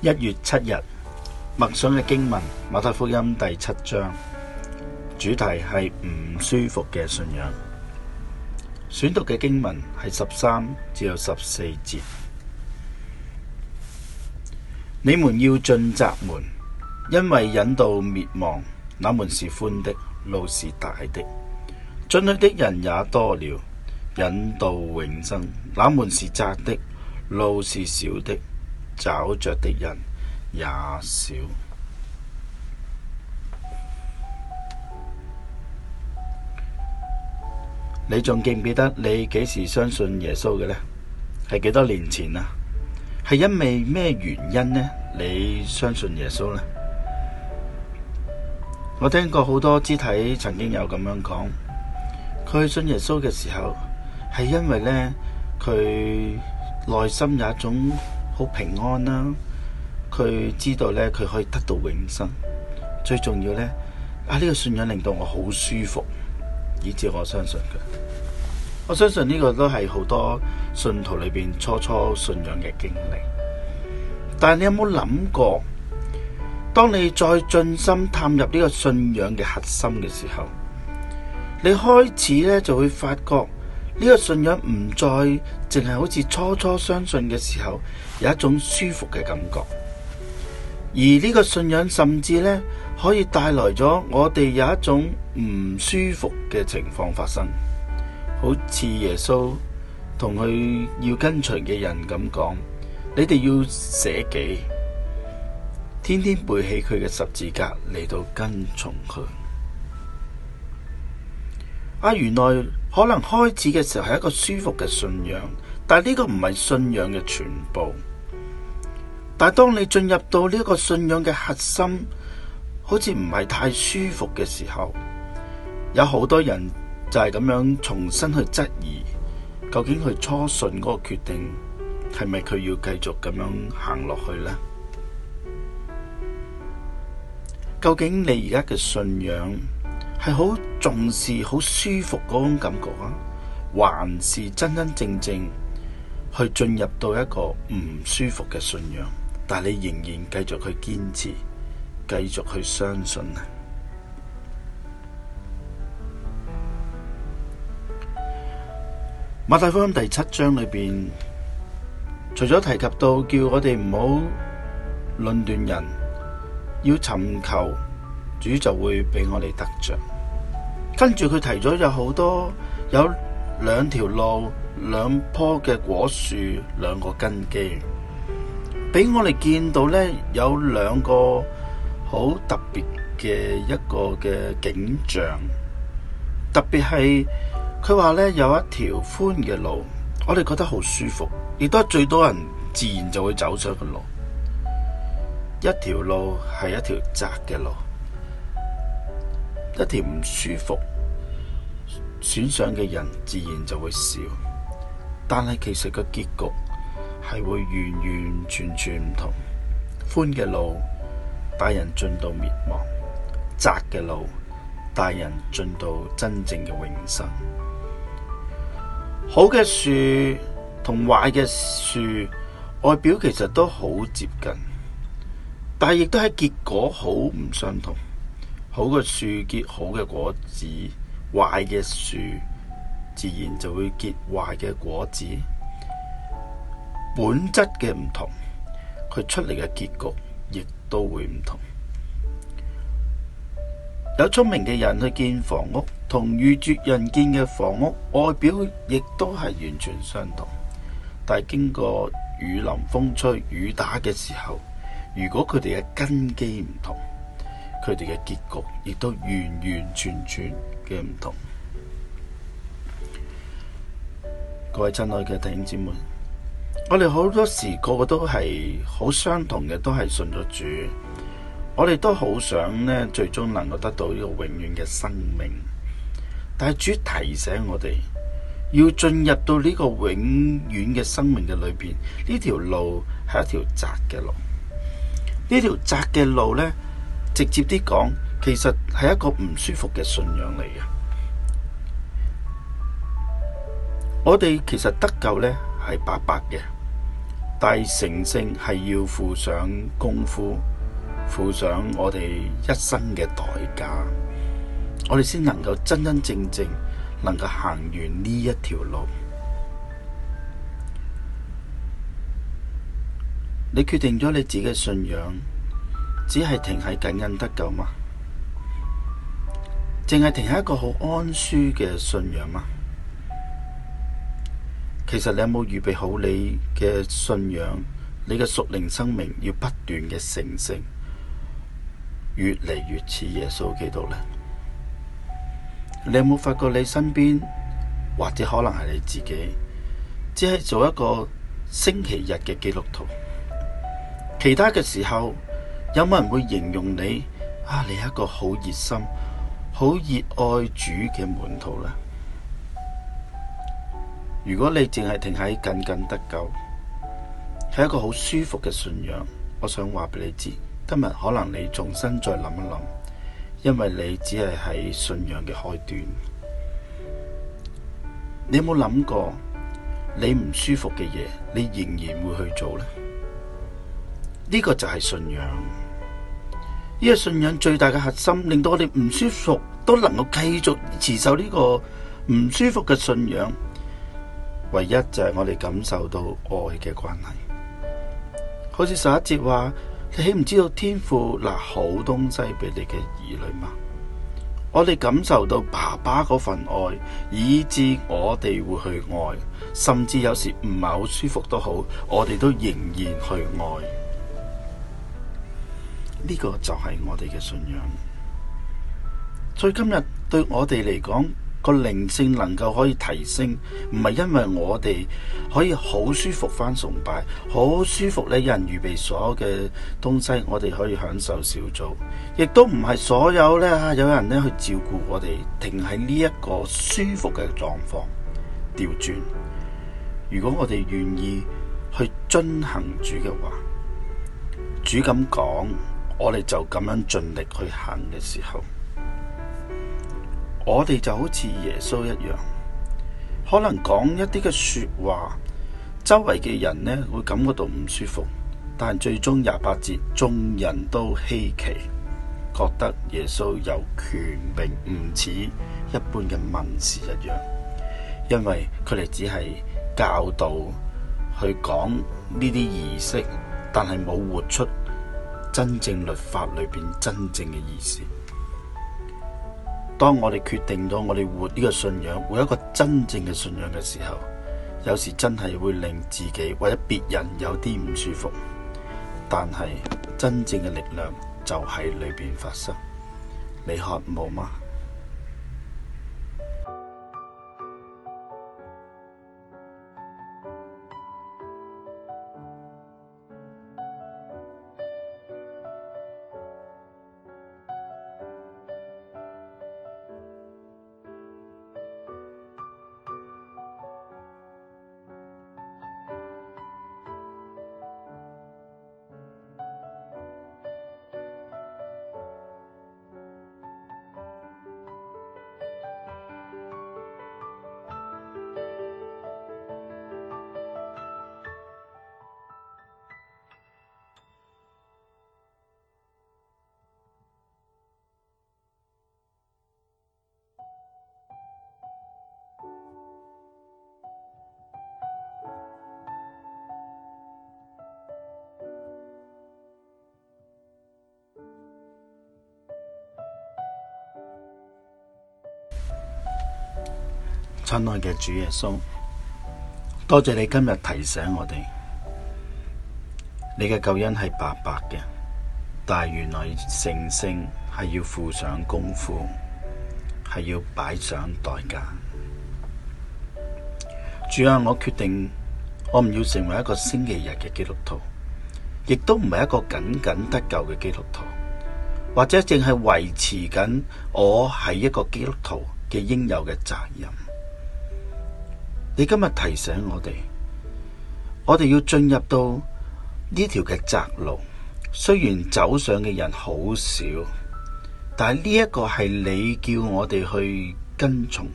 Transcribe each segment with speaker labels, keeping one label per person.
Speaker 1: 一月七日默想嘅經文，馬太福音第七章，主題係唔舒服嘅信仰。選讀嘅經文係十三至十四節。你們要進窄門，因為引到滅亡，那門是寬的。路是大的，進去的人也多了，引到永生；那門是窄的，路是小的，找着的人也少。 你仲記唔記得你幾時相信耶穌嘅呢？係幾多年前啊？係因為咩原因呢？你相信耶穌呢？我聽過好多肢體曾經有咁樣講，佢信耶穌嘅時候，係因為呢，佢內心有一種好平安啦，佢知道呢，佢可以得到永生，最重要呢，啊呢個信仰令到我好舒服，以至我相信佢。我相信呢個都係好多信徒裏邊初初信仰嘅經歷，但係你有冇諗過？當你再進深探入呢個信仰嘅核心嘅時候，你開始咧就會發覺呢、這個信仰唔再淨係好似初初相信嘅時候有一種舒服嘅感覺，而呢個信仰甚至咧可以帶來咗我哋有一種唔舒服嘅情況發生，好似耶穌同佢要跟隨嘅人咁講：你哋要捨己。天天背起佢嘅十字架嚟到跟從佢。啊，原來可能開始嘅時候係一個舒服嘅信仰，但係呢個唔係信仰嘅全部。但係當你進入到呢個信仰嘅核心，好似唔係太舒服嘅時候，有好多人就係咁樣重新去質疑，究竟佢初信嗰個決定係咪佢要繼續咁樣行落去咧？究竟你而家嘅信仰係好重視、好舒服嗰種感覺啊，還是真真正正去進入到一個唔舒服嘅信仰？但你仍然繼續去堅持、繼續去相信啊！馬太福音第七章裏邊，除咗提及到叫我哋唔好論斷人。要尋求主就會俾我哋得着，跟住，佢提咗有好多，有兩條路，兩棵嘅果樹，兩個根基，俾我哋見到呢，有兩個好特別嘅一個嘅景象，特別係佢話呢，有一條寬嘅路，我哋覺得好舒服，亦都係最多人自然就會走上嘅路。一條路係一條窄嘅路，一條唔舒服，選上嘅人自然就會少。但係其實個結局係會完完全全唔同。寬嘅路帶人進到滅亡，窄嘅路帶人進到真正嘅永生。好嘅樹同壞嘅樹外表其實都好接近。但亦都係結果好唔相同，好嘅樹結好嘅果子，壞嘅樹自然就會結壞嘅果子。本質嘅唔同，佢出嚟嘅結局亦都會唔同。有聰明嘅人去建房屋，同愚拙人建嘅房屋外表亦都係完全相同，但係經過雨淋風吹雨打嘅時候。如果佢哋嘅根基唔同，佢哋嘅結局亦都完完全全嘅唔同。各位親愛嘅弟兄姊妹，我哋好多時個個都係好相同嘅，都係信咗主，我哋都好想呢，最終能夠得到呢個永遠嘅生命。但係主提醒我哋，要進入到呢個永遠嘅生命嘅裏邊，呢條路係一條窄嘅路。呢條窄嘅路呢，直接啲講，其實係一個唔舒服嘅信仰嚟嘅。我哋其實得救呢係白白嘅，但係成聖係要付上功夫，付上我哋一生嘅代價，我哋先能夠真真正正能夠行完呢一條路。你決定咗你自己嘅信仰，只係停喺感恩得救嗎？淨係停喺一個好安舒嘅信仰嗎？其實你有冇預備好你嘅信仰？你嘅屬靈生命要不斷嘅成聖，越嚟越似耶穌基督呢？你有冇發覺你身邊或者可能係你自己，只係做一個星期日嘅基督徒？其他嘅時候，有冇人會形容你啊？你係一個好熱心、好熱愛主嘅門徒呢？如果你淨係停喺僅僅得救，係一個好舒服嘅信仰，我想話俾你知，今日可能你重新再諗一諗，因為你只係喺信仰嘅開端。你有冇諗過，你唔舒服嘅嘢，你仍然會去做呢？呢個就係信仰，呢個信仰最大嘅核心，令到我哋唔舒服都能夠繼續持守呢個唔舒服嘅信仰。唯一就係我哋感受到愛嘅關係，好似十一節話：你豈唔知道天父拿好東西俾你嘅兒女嘛？我哋感受到爸爸嗰份愛，以致我哋會去愛，甚至有時唔係好舒服都好，我哋都仍然去愛。呢個就係我哋嘅信仰。所以今日對我哋嚟講，個靈性能夠可以提升，唔係因為我哋可以好舒服返崇拜，好舒服有人預備所有嘅東西，我哋可以享受小組，亦都唔係所有咧，有人咧去照顧我哋，停喺呢一個舒服嘅狀況，調轉。如果我哋願意去遵行主嘅話，主咁講。我哋就咁樣盡力去行嘅時候，我哋就好似耶穌一樣，可能講一啲嘅說話，周圍嘅人呢會感覺到唔舒服，但最終廿八節眾人都稀奇，覺得耶穌有權柄，唔似一般嘅文士一樣，因為佢哋只係教導去講呢啲儀式，但係冇活出。真正律法裏面真正嘅意思，當我哋決定咗我哋活呢個信仰，活一個真正嘅信仰嘅時候，有時真係會令自己或者別人有啲唔舒服，但係真正嘅力量就喺裏面發生。你渴望嗎？親愛嘅主耶穌，多謝你今日提醒我哋，你嘅救恩係白白嘅，但係原來成聖係要付上功夫，係要擺上代價。主啊，我決定我唔要成為一個星期日嘅基督徒，亦都唔係一個僅僅得救嘅基督徒，或者淨係維持緊我係一個基督徒嘅應有嘅責任。你今日提醒我哋，我哋要進入到呢條嘅窄路。雖然走上嘅人好少，但係呢一個係你叫我哋去跟從。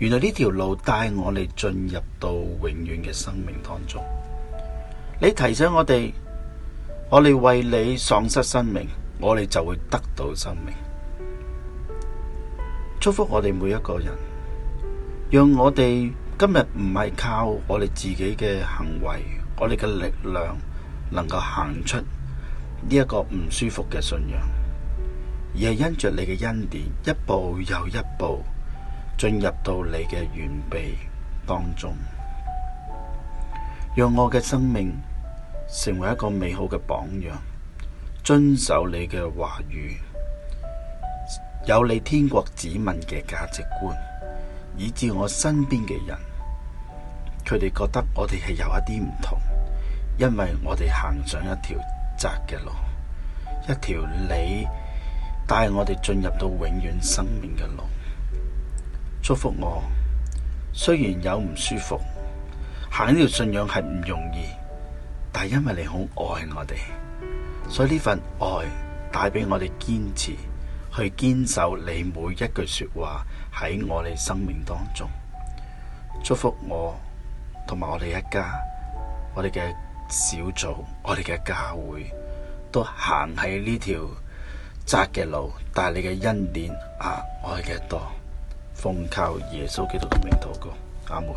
Speaker 1: 原來呢條路帶我哋進入到永遠嘅生命當中。你提醒我哋，我哋為你喪失生命，我哋就會得到生命。祝福我哋每一個人，讓我哋。今日唔係靠我哋自己嘅行為，我哋嘅力量能夠行出呢一個唔舒服嘅信仰，而係因着你嘅恩典，一步又一步進入到你嘅預備當中，讓我嘅生命成為一個美好嘅榜樣，遵守你嘅話語，有你天國子民嘅價值觀，以至我身邊嘅人。佢哋覺得我哋係有一啲唔同，因為我哋行上一條窄嘅路，一條你帶我哋進入到永遠生命嘅路。祝福我，雖然有唔舒服，行呢條信仰係唔容易，但係因為你好愛我哋，所以呢份愛帶俾我哋堅持，去堅守你每一句說話喺我哋生命當中。祝福我。同埋我哋一家，我哋嘅小組，我哋嘅教會，都行喺呢條窄嘅路，但係你嘅恩典啊，我哋嘅多，奉靠耶穌基督嘅名禱告，阿門。